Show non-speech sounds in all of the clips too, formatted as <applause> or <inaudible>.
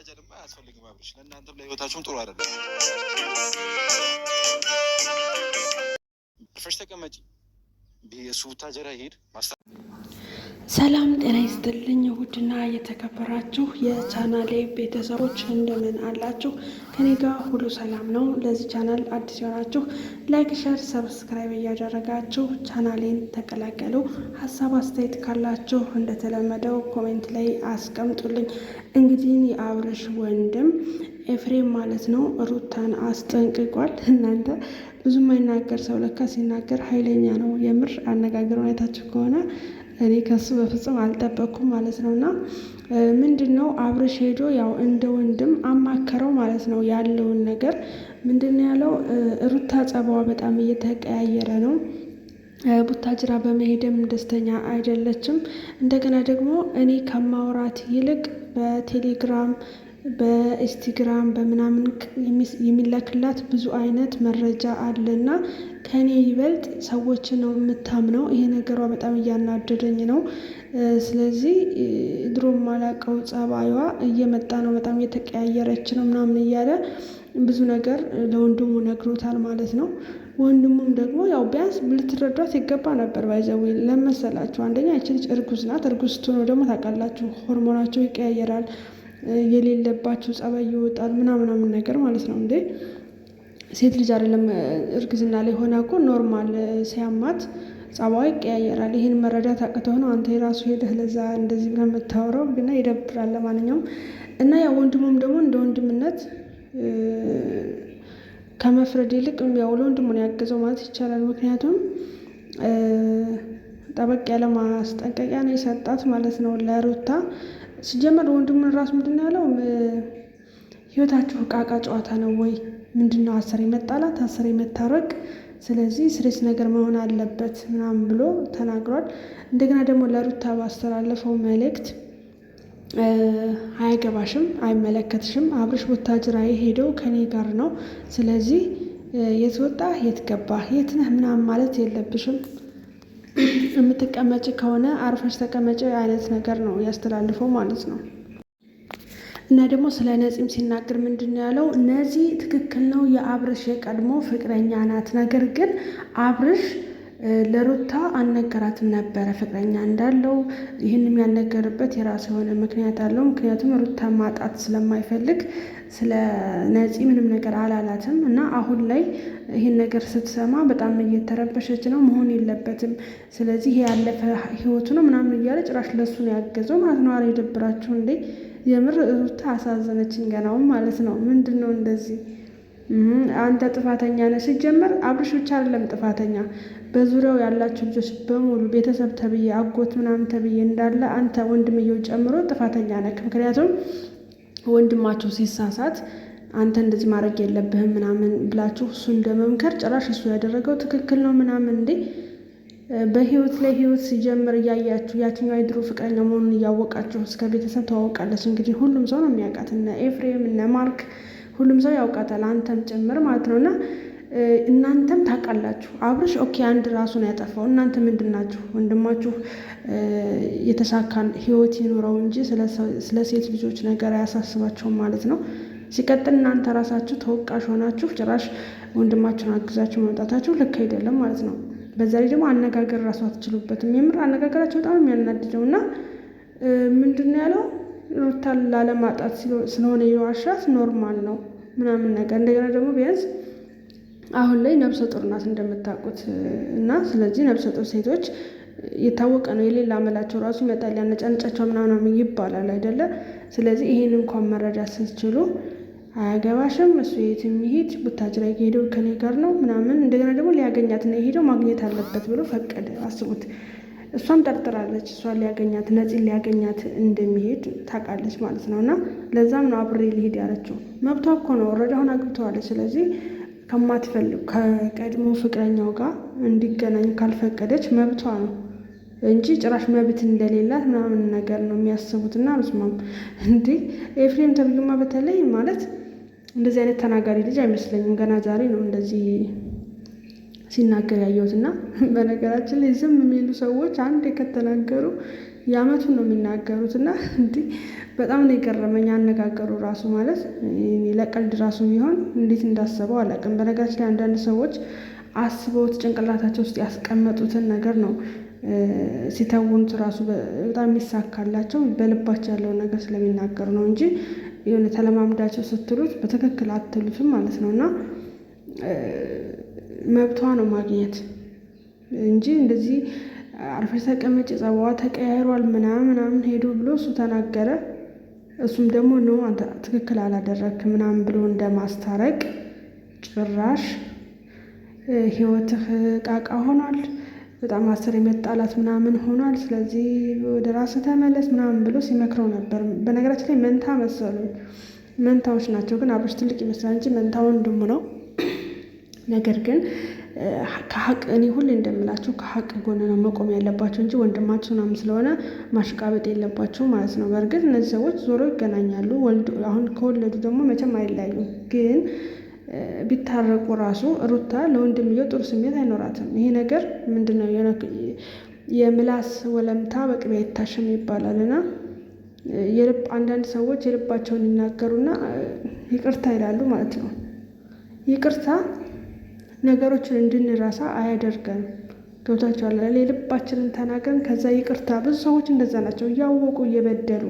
መጃጃልማ አያስፈልግም። አብርሽ ለእናንተም ለህይወታችሁም ጥሩ አይደለም። ፈሽ ተቀመጪ። እሱ ቡታጀራ ሄድ ሰላም ጤና ይስጥልኝ። ውድና የተከበራችሁ የቻናሌ ቤተሰቦች እንደምን አላችሁ? ከኔ ጋር ሁሉ ሰላም ነው። ለዚህ ቻናል አዲስ የሆናችሁ ላይክ፣ ሸር፣ ሰብስክራይብ እያደረጋችሁ ቻናሌን ተቀላቀሉ። ሀሳብ አስተያየት ካላችሁ እንደተለመደው ኮሜንት ላይ አስቀምጡልኝ። እንግዲህ የአብርሽ ወንድም ኤፍሬም ማለት ነው ሩታን አስጠንቅቋል። እናንተ ብዙም አይናገር ሰው ለካ ሲናገር ኃይለኛ ነው። የምር አነጋገር ሁኔታችሁ ከሆነ እኔ ከሱ በፍጹም አልጠበቅኩም ማለት ነው። እና ምንድን ነው አብርሽ ሄዶ ያው እንደ ወንድም አማከረው ማለት ነው ያለውን ነገር ምንድን ነው ያለው። ሩታ ጸባዋ በጣም እየተቀያየረ ነው። ቡታጅራ በመሄድም ደስተኛ አይደለችም። እንደገና ደግሞ እኔ ከማውራት ይልቅ በቴሌግራም በኢንስታግራም በምናምን የሚላክላት ብዙ አይነት መረጃ አለና ከኔ ይበልጥ ሰዎችን ነው የምታምነው። ይሄ ነገሯ በጣም እያናደደኝ ነው። ስለዚህ ድሮ ማላቀው ጸባይዋ እየመጣ ነው፣ በጣም እየተቀያየረች ነው ምናምን እያለ ብዙ ነገር ለወንድሙ ነግሮታል ማለት ነው። ወንድሙም ደግሞ ያው ቢያንስ ልትረዷት ይገባ ነበር። ባይዘዊ ለመሰላችሁ አንደኛ ይቺ ልጅ እርጉዝ ናት። እርጉዝ ስትሆኑ ደግሞ ታውቃላችሁ ሆርሞናቸው ይቀያየራል፣ የሌለባችሁ ጸባይ ይወጣል ምናምናምን ነገር ማለት ነው እንዴ ሴት ልጅ አይደለም እርግዝና ላይ ሆና እኮ ኖርማል ሲያማት ጸባዋ ይቀያየራል። ይህን መረዳት አቅተው ነው አንተ የራሱ ሄደህ ለዛ እንደዚህ ብለህ የምታወራው ግና ይደብራል። ለማንኛውም እና ያ ወንድሙም ደግሞ እንደ ወንድምነት ከመፍረድ ይልቅ ያው ለወንድሙን ያገዘው ማለት ይቻላል። ምክንያቱም ጠበቅ ያለ ማስጠንቀቂያ ነው የሰጣት ማለት ነው ለሩታ። ሲጀመር ወንድሙን ራሱ ምንድን ነው ያለው? ህይወታችሁ እቃቃ ጨዋታ ነው ወይ ምንድን ነው አስሬ መጣላት አስሬ መታረቅ፣ ስለዚህ ስሬስ ነገር መሆን አለበት ምናምን ብሎ ተናግሯል። እንደገና ደግሞ ለሩታ ባስተላለፈው መልእክት አይገባሽም፣ አይመለከትሽም፣ አብርሽ ቡታጅራ የሄደው ከኔ ጋር ነው። ስለዚህ የት ወጣ የት ገባ የት ነህ ምናምን ማለት የለብሽም የምትቀመጭ ከሆነ አርፈሽ ተቀመጭ አይነት ነገር ነው ያስተላልፈው ማለት ነው። እና ደግሞ ስለ ነፂም ሲናገር ምንድን ያለው? ነፂ ትክክል ነው የአብርሽ የቀድሞ ፍቅረኛ ናት። ነገር ግን አብርሽ ለሩታ አልነገራትም ነበረ ፍቅረኛ እንዳለው። ይህንም ያልነገርበት የራሱ የሆነ ምክንያት አለው። ምክንያቱም ሩታ ማጣት ስለማይፈልግ ስለ ነፂ ምንም ነገር አላላትም እና አሁን ላይ ይህን ነገር ስትሰማ በጣም እየተረበሸች ነው። መሆን የለበትም ስለዚህ ያለፈ ህይወቱ ነው ምናምን እያለ ጭራሽ ለሱ ነው ያገዘው ማለት ነው። አረ የደብራችሁ እንዴ! የምር ሩታ አሳዘነችኝ። ገናውም ማለት ነው ምንድን ነው እንደዚህ አንተ ጥፋተኛ ነህ። ሲጀመር አብርሽ ብቻ አይደለም ጥፋተኛ፣ በዙሪያው ያላቸው ልጆች በሙሉ ቤተሰብ ተብዬ አጎት ምናምን ተብዬ እንዳለ አንተ ወንድምየው ጨምሮ ጥፋተኛ ነህ። ምክንያቱም ወንድማቸው ሲሳሳት አንተ እንደዚህ ማድረግ የለብህም ምናምን ብላችሁ እሱ እንደመምከር ጭራሽ እሱ ያደረገው ትክክል ነው ምናምን እንዴ በህይወት ላይ ህይወት ሲጀምር እያያችሁ ያችኛዋ የድሮ ፍቅረኛ መሆኑን እያወቃችሁ እስከ ቤተሰብ ተዋውቃለች። እንግዲህ ሁሉም ሰው ነው የሚያውቃት፣ እነ ኤፍሬም እነ ማርክ ሁሉም ሰው ያውቃታል፣ አንተም ጭምር ማለት ነው እና እናንተም ታውቃላችሁ። አብርሽ ኦኬ አንድ ራሱን ያጠፋው እናንተ ምንድን ናችሁ? ወንድማችሁ የተሳካን ህይወት ይኖረው እንጂ ስለ ሴት ልጆች ነገር አያሳስባቸውም ማለት ነው። ሲቀጥል እናንተ ራሳችሁ ተወቃሽ ሆናችሁ ጭራሽ ወንድማችሁን አግዛችሁ መምጣታችሁ ልክ አይደለም ማለት ነው። በዛ ላይ ደግሞ አነጋገር ራሱ አትችሉበትም። የምር አነጋገራቸው በጣም የሚያናድደው እና ምንድን ያለው ሩታን ላለማጣት ስለሆነ የዋሻት ኖርማል ነው ምናምን ነገር እንደገና ደግሞ ቢያንስ አሁን ላይ ነብሰ ጡር ናት እንደምታውቁት እና ስለዚህ ነብሰ ጡር ሴቶች የታወቀ ነው የሌላ አመላቸው ራሱ ይመጣል ያነጫነጫቸው ምናምናም ይባላል አይደለ ስለዚህ ይሄን እንኳን መረዳት ስትችሉ አያገባሽም እሱ የት የሚሄድ ላይ ከሄደው ከኔ ጋር ነው ምናምን እንደገና ደግሞ ሊያገኛት ነው የሄደው ማግኘት አለበት ብሎ ፈቀደ። አስቡት። እሷም ጠርጥራለች፣ እሷ ሊያገኛት ነፂን ሊያገኛት እንደሚሄድ ታውቃለች ማለት ነው። እና ለዛም ነው አብሬ ሊሄድ ያለችው። መብቷ እኮ ነው። ወረድ አሁን አግብተዋለች። ስለዚህ ከማትፈልግ ከቀድሞ ፍቅረኛው ጋር እንዲገናኝ ካልፈቀደች መብቷ ነው እንጂ ጭራሽ መብት እንደሌላት ምናምን ነገር ነው የሚያስቡት። እና ምስማም ኤፍሬም ተብዩማ በተለይ ማለት እንደዚህ አይነት ተናጋሪ ልጅ አይመስለኝም። ገና ዛሬ ነው እንደዚህ ሲናገር ያየሁት እና <laughs> በነገራችን ላይ ዝም የሚሉ ሰዎች አንድ ከተናገሩ የአመቱን ነው የሚናገሩት እና እንዲህ በጣም ነው የገረመኝ አነጋገሩ ራሱ ማለት ለቀልድ ራሱ ቢሆን እንዴት እንዳሰበው አላውቅም። በነገራችን ላይ አንዳንድ ሰዎች አስበውት ጭንቅላታቸው ውስጥ ያስቀመጡትን ነገር ነው ሲተውኑት ራሱ በጣም የሚሳካላቸው በልባቸው ያለው ነገር ስለሚናገሩ ነው እንጂ የሆነ ተለማምዳቸው ስትሉት በትክክል አትሉትም ማለት ነው። እና መብቷ ነው ማግኘት እንጂ እንደዚህ አርፈሽ ተቀመጭ፣ ጸባዋ ተቀያይሯል፣ ምናምን ምናምን ሄዶ ብሎ እሱ ተናገረ፣ እሱም ደግሞ ነው ትክክል አላደረግክ ምናምን ብሎ እንደማስታረቅ ጭራሽ ህይወትህ ቃቃ ሆኗል። በጣም አስር የመጣላት ምናምን ሆኗል፣ ስለዚህ ወደ ራስ ተመለስ ምናምን ብሎ ሲመክረው ነበር። በነገራችን ላይ መንታ መሰሉ መንታዎች ናቸው። ግን አብርሽ ትልቅ ይመስላል እንጂ መንታ ወንድሙ ነው። ነገር ግን ከሀቅ እኔ ሁሌ እንደምላቸው ከሀቅ ጎን ነው መቆም ያለባቸው እንጂ ወንድማቸው ናም ስለሆነ ማሽቃበጥ የለባቸው ማለት ነው። በእርግጥ እነዚህ ሰዎች ዞሮ ይገናኛሉ። አሁን ከወለዱ ደግሞ መቼም አይለያዩም ግን ቢታረቁ ራሱ ሩታ ለወንድምየው ጥሩ ስሜት አይኖራትም። ይሄ ነገር ምንድነው የምላስ ወለምታ በቅቤ አይታሽም ይባላል እና የልብ አንዳንድ ሰዎች የልባቸውን ይናገሩና ይቅርታ ይላሉ ማለት ነው። ይቅርታ ነገሮችን እንድንረሳ አያደርገን። ገብታችኋል? የልባችንን ተናገርን ከዛ ይቅርታ ብዙ ሰዎች እንደዛ ናቸው። እያወቁ እየበደሉ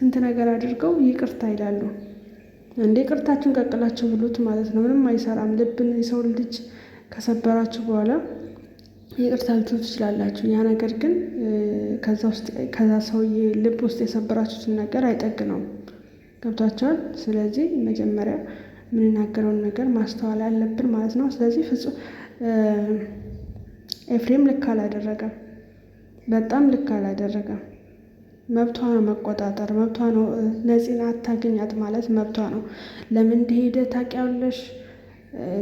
ስንት ነገር አድርገው ይቅርታ ይላሉ። እንዴ ቅርታችሁን ቀቅላችሁ ብሉት ማለት ነው። ምንም አይሰራም። ልብን የሰው ልጅ ከሰበራችሁ በኋላ ይቅርታ ልትሉ ትችላላችሁ። ያ ነገር ግን ከዛ ሰውዬ ልብ ውስጥ የሰበራችሁትን ነገር አይጠግነውም። ገብቷቸዋል። ስለዚህ መጀመሪያ የምንናገረውን ነገር ማስተዋል አለብን ማለት ነው። ስለዚህ ፍጹም ኤፍሬም ልክ አላደረገም። በጣም ልክ አላደረገም። መብቷ ነው መቆጣጠር መብቷ ነው። ነፂን አታገኛት ማለት መብቷ ነው። ለምን እንደሄደ ታውቂያለሽ?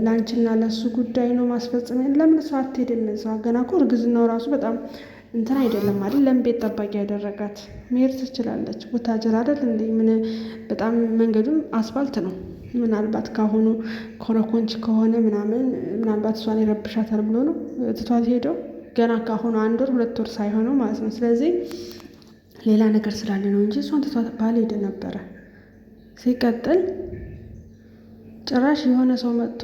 ለአንቺና ለሱ ጉዳይ ነው ማስፈጸም። ለምን ሰው አትሄድም? ሰው ገና እኮ እርግዝናው ራሱ በጣም እንትን አይደለም አይደል? ለምን ቤት ጠባቂ ያደረጋት? መሄድ ትችላለች። ወታጀር አይደል እንዴ? ምን በጣም መንገዱም አስፋልት ነው። ምናልባት ካሁኑ ኮረኮንች ከሆነ ምናምን ምናልባት እሷን ይረብሻታል ብሎ ነው ትቷት ሄደው። ገና ካሁኑ አንድ ወር ሁለት ወር ሳይሆነው ማለት ነው። ስለዚህ ሌላ ነገር ስላለ ነው እንጂ እሷን ትቷት ሄደ ነበረ። ሲቀጥል ጭራሽ የሆነ ሰው መጥቶ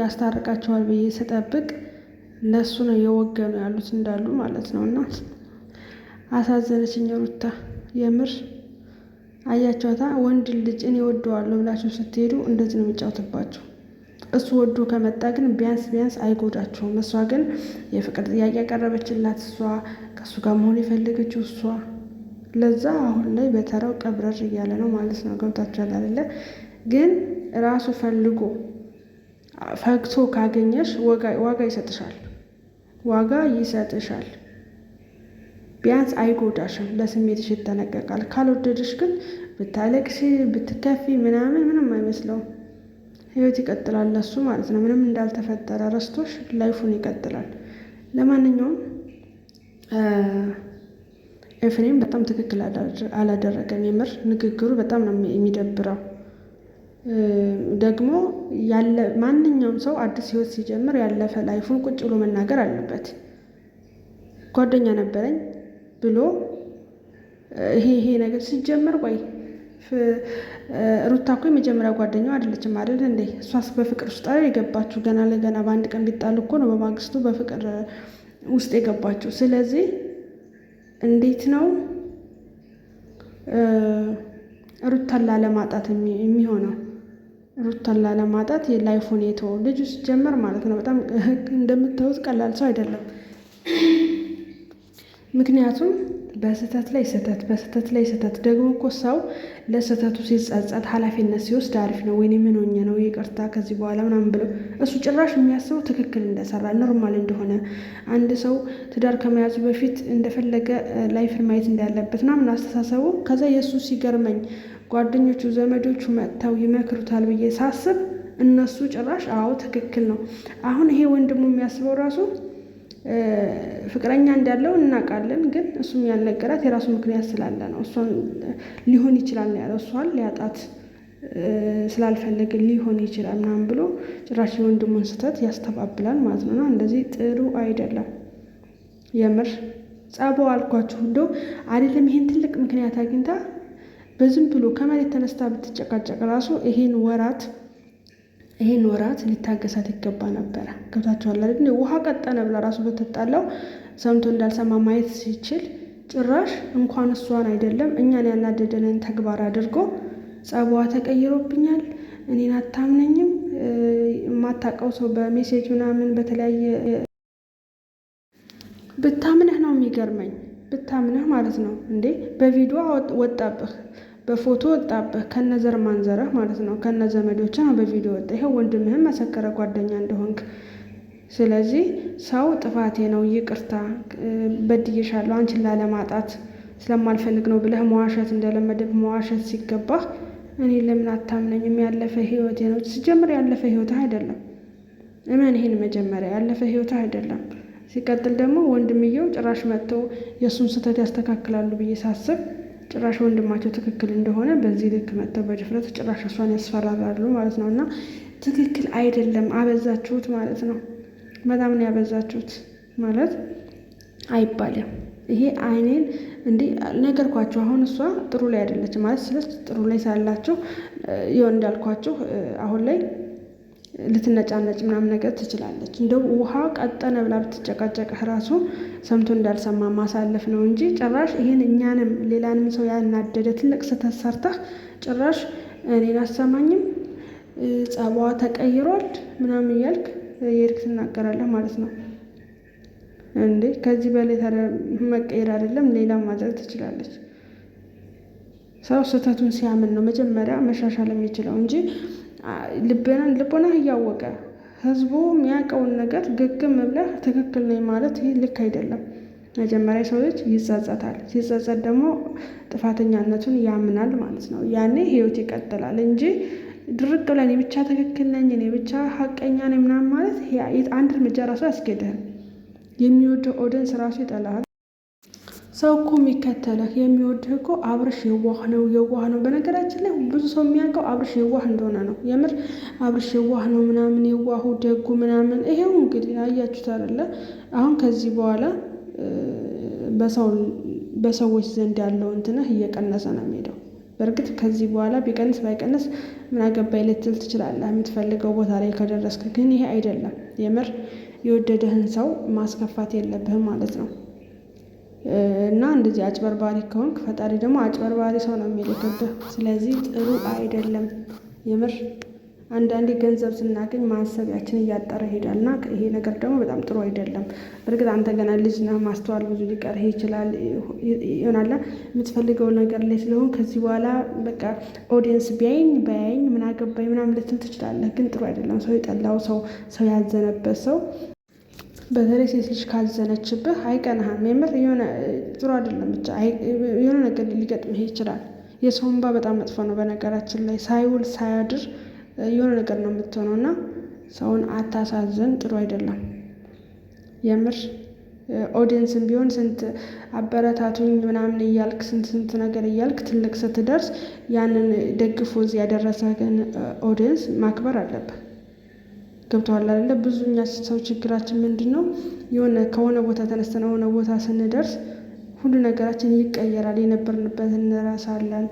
ያስታርቃቸዋል ብዬ ስጠብቅ እነሱ ነው የወገኑ ያሉት እንዳሉ ማለት ነው። እና አሳዘነችኝ ሩታ የምር አያቸዋታ። ወንድ ልጅ እኔ ወደዋለሁ ብላችሁ ስትሄዱ እንደዚህ ነው የሚጫወትባችሁ። እሱ ወዶ ከመጣ ግን ቢያንስ ቢያንስ አይጎዳቸውም። እሷ ግን የፍቅር ጥያቄ ያቀረበችላት እሷ ከእሱ ጋር መሆን የፈለገችው እሷ ለዛ አሁን ላይ በተራው ቀብረር እያለ ነው ማለት ነው። ገብታችኋል አይደለ? ግን ራሱ ፈልጎ ፈግቶ ካገኘሽ ዋጋ ይሰጥሻል፣ ዋጋ ይሰጥሻል። ቢያንስ አይጎዳሽም፣ ለስሜትሽ ይጠነቀቃል። ካልወደድሽ ግን ብታለቅሽ ብትከፊ ምናምን ምንም አይመስለውም። ህይወት ይቀጥላል ለሱ ማለት ነው። ምንም እንዳልተፈጠረ ረስቶሽ ላይፉን ይቀጥላል። ለማንኛውም ኤፍሬም በጣም ትክክል አላደረገም። የምር ንግግሩ በጣም ነው የሚደብረው። ደግሞ ያለ ማንኛውም ሰው አዲስ ህይወት ሲጀምር ያለፈ ላይፉን ቁጭ ብሎ መናገር አለበት። ጓደኛ ነበረኝ ብሎ ይሄ ይሄ ነገር ሲጀምር ቆይ ሩታ እኮ የመጀመሪያ ጓደኛው አይደለችም አይደል እንዴ? እሷስ በፍቅር ውስጥ የገባችሁ ገና ለገና በአንድ ቀን ቢጣል እኮ ነው በማግስቱ በፍቅር ውስጥ የገባችሁ። ስለዚህ እንዴት ነው ሩታላ ለማጣት የሚሆነው? ሩታላ ለማጣት የላይፍ ሁኔታው ልጁ ሲጀመር ማለት ነው በጣም እንደምታዩት ቀላል ሰው አይደለም። ምክንያቱም በስህተት ላይ ስህተት በስህተት ላይ ስህተት ደግሞ እኮ ሰው ለስህተቱ ሲጸጸት ኃላፊነት ሲወስድ አሪፍ ነው። ወይኔ ምን ሆኜ ነው ይቅርታ ከዚህ በኋላ ምናምን ብለው እሱ ጭራሽ የሚያስበው ትክክል እንደሰራ ኖርማል እንደሆነ አንድ ሰው ትዳር ከመያዙ በፊት እንደፈለገ ላይፍን ማየት እንዳለበት ምናምን አስተሳሰቡ ከዛ የእሱ ሲገርመኝ ጓደኞቹ ዘመዶቹ መጥተው ይመክሩታል ብዬ ሳስብ እነሱ ጭራሽ አዎ ትክክል ነው። አሁን ይሄ ወንድሙ የሚያስበው ራሱ ፍቅረኛ እንዳለው እናውቃለን። ግን እሱም ያልነገራት የራሱ ምክንያት ስላለ ነው። እሷን ሊሆን ይችላል ነው ያለው። እሷን ሊያጣት ስላልፈለገ ሊሆን ይችላል ምናምን ብሎ ጭራሽ የወንድሙን ስህተት ያስተባብላል ማለት ነው። እንደዚህ ጥሩ አይደለም። የምር ጸቦ አልኳችሁ እንደው አይደለም። ይሄን ትልቅ ምክንያት አግኝታ በዝም ብሎ ከመሬት ተነስታ ብትጨቃጨቅ ራሱ ይሄን ወራት ይሄን ወራት ሊታገሳት ይገባ ነበረ። ገብታችኋል አይደል? ውሃ ቀጠነ ብላ ራሱ ብትጣላው ሰምቶ እንዳልሰማ ማየት ሲችል ጭራሽ እንኳን እሷን አይደለም እኛን ያናደደንን ተግባር አድርጎ ጸቧ ተቀይሮብኛል፣ እኔን አታምነኝም፣ የማታውቀው ሰው በሜሴጅ ምናምን በተለያየ ብታምንህ ነው የሚገርመኝ ብታምንህ ማለት ነው እንዴ በቪዲዮ ወጣብህ በፎቶ ወጣብህ ከነዘር ማንዘረህ ማለት ነው ከነ ዘመዶች ነው በቪዲዮ ወጣ ይኸው ወንድምህም መሰከረ ጓደኛ እንደሆንክ ስለዚህ ሰው ጥፋቴ ነው ይቅርታ በድየሻለሁ አንቺን ላለማጣት ስለማልፈልግ ነው ብለህ መዋሸት እንደለመደብ መዋሸት ሲገባህ እኔ ለምን አታምነኝም? ያለፈ ህይወቴ ነው። ሲጀምር ያለፈ ህይወትህ አይደለም። እመን ይሄን መጀመሪያ፣ ያለፈ ህይወትህ አይደለም። ሲቀጥል ደግሞ ወንድምየው ጭራሽ መጥተው የእሱን ስህተት ያስተካክላሉ ብዬ ሳስብ ጭራሽ ወንድማቸው ትክክል እንደሆነ በዚህ ልክ መጥተው በድፍረት ጭራሽ እሷን ያስፈራራሉ ማለት ነው። እና ትክክል አይደለም፣ አበዛችሁት ማለት ነው። በጣም ነው ያበዛችሁት ማለት አይባልም። ይሄ አይኔን እንዴ ነገርኳችሁ። አሁን እሷ ጥሩ ላይ አይደለች ማለት ስለ ጥሩ ላይ ሳላችሁ ይሆን እንዳልኳችሁ አሁን ላይ ልትነጫነጭ ምናምን ነገር ትችላለች። እንደው ውሃ ቀጠነ ብላ ብትጨቃጨቅህ ራሱ ሰምቶ እንዳልሰማ ማሳለፍ ነው እንጂ ጭራሽ ይህን እኛንም ሌላንም ሰው ያናደደ ትልቅ ስህተት ሰርተህ ጭራሽ እኔን አሰማኝም ጸባዋ ተቀይሯል ምናምን እያልክ የሄድክ ትናገራለህ ማለት ነው። እንዴ ከዚህ በላይ ታዲያ መቀየር አይደለም ሌላ ማድረግ ትችላለች። ሰው ስህተቱን ሲያምን ነው መጀመሪያ መሻሻል የሚችለው እንጂ ልቦና እያወቀ ህዝቡ የሚያውቀውን ነገር ግግም ብለህ ትክክል ነኝ ማለት ይህ ልክ አይደለም። መጀመሪያ ሰው ልጅ ይጸጸታል። ሲጸጸት ደግሞ ጥፋተኛነቱን ያምናል ማለት ነው። ያኔ ህይወት ይቀጥላል እንጂ ድርቅ ብለን እኔ ብቻ ትክክል ነኝ፣ እኔ ብቻ ሀቀኛ ነኝ ምናምን ማለት አንድ እርምጃ ራሱ አያስኬድህም። የሚወደው ኦደንስ ራሱ ይጠላል ሰው እኮ የሚከተለህ የሚወድህ እኮ አብርሽ የዋህ ነው የዋህ ነው። በነገራችን ላይ ብዙ ሰው የሚያውቀው አብርሽ የዋህ እንደሆነ ነው። የምር አብርሽ የዋህ ነው ምናምን የዋሁ ደጉ ምናምን። ይሄው እንግዲህ አያችሁት አይደለ? አሁን ከዚህ በኋላ በሰዎች ዘንድ ያለው እንትንህ እየቀነሰ ነው የሚሄደው። በእርግጥ ከዚህ በኋላ ቢቀንስ ባይቀንስ ምን አገባኝ ልትል ትችላለህ፣ የምትፈልገው ቦታ ላይ ከደረስክ። ግን ይሄ አይደለም። የምር የወደደህን ሰው ማስከፋት የለብህም ማለት ነው። እና እንደዚህ አጭበርባሪ ከሆንክ ፈጣሪ ደግሞ አጭበርባሪ ሰው ነው የሚልክብህ። ስለዚህ ጥሩ አይደለም። የምር አንዳንዴ ገንዘብ ስናገኝ ማሰቢያችን እያጠረ ይሄዳል እና ይሄ ነገር ደግሞ በጣም ጥሩ አይደለም። በእርግጥ አንተ ገና ልጅ ነህ፣ ማስተዋል ብዙ ሊቀርህ ይችላል ይሆናለ የምትፈልገው ነገር ላይ ስለሆን ከዚህ በኋላ በቃ ኦዲየንስ ቢያይኝ ባያይኝ ምን አገባኝ ምናምን ልትል ትችላለህ። ግን ጥሩ አይደለም። ሰው የጠላው ሰው ሰው ያዘነበት ሰው በተለይ ሴት ልጅ ካዘነችብህ አይቀናህም። የምር የሆነ ጥሩ አይደለም። ብቻ የሆነ ነገር ሊገጥምህ ይችላል። የሰው እንባ በጣም መጥፎ ነው። በነገራችን ላይ ሳይውል ሳያድር የሆነ ነገር ነው የምትሆነው እና ሰውን አታሳዘን ጥሩ አይደለም። የምር ኦዲየንስም ቢሆን ስንት አበረታቱኝ ምናምን እያልክ ስንት ስንት ነገር እያልክ ትልቅ ስትደርስ ያንን ደግፎ እዚህ ያደረሰህን ኦዲየንስ ማክበር አለብህ። ገብተዋል አይደለ? ብዙ ሰው ችግራችን ምንድን ነው? የሆነ ከሆነ ቦታ ተነስተን ሆነ ቦታ ስንደርስ ሁሉ ነገራችን ይቀየራል። የነበርንበት እንረሳለን፣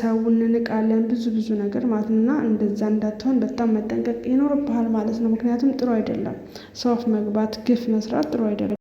ሰው እንንቃለን፣ ብዙ ብዙ ነገር ማለት ነው። እና እንደዛ እንዳትሆን በጣም መጠንቀቅ ይኖርብሃል ማለት ነው። ምክንያቱም ጥሩ አይደለም ሰው አፍ መግባት፣ ግፍ መስራት ጥሩ አይደለም።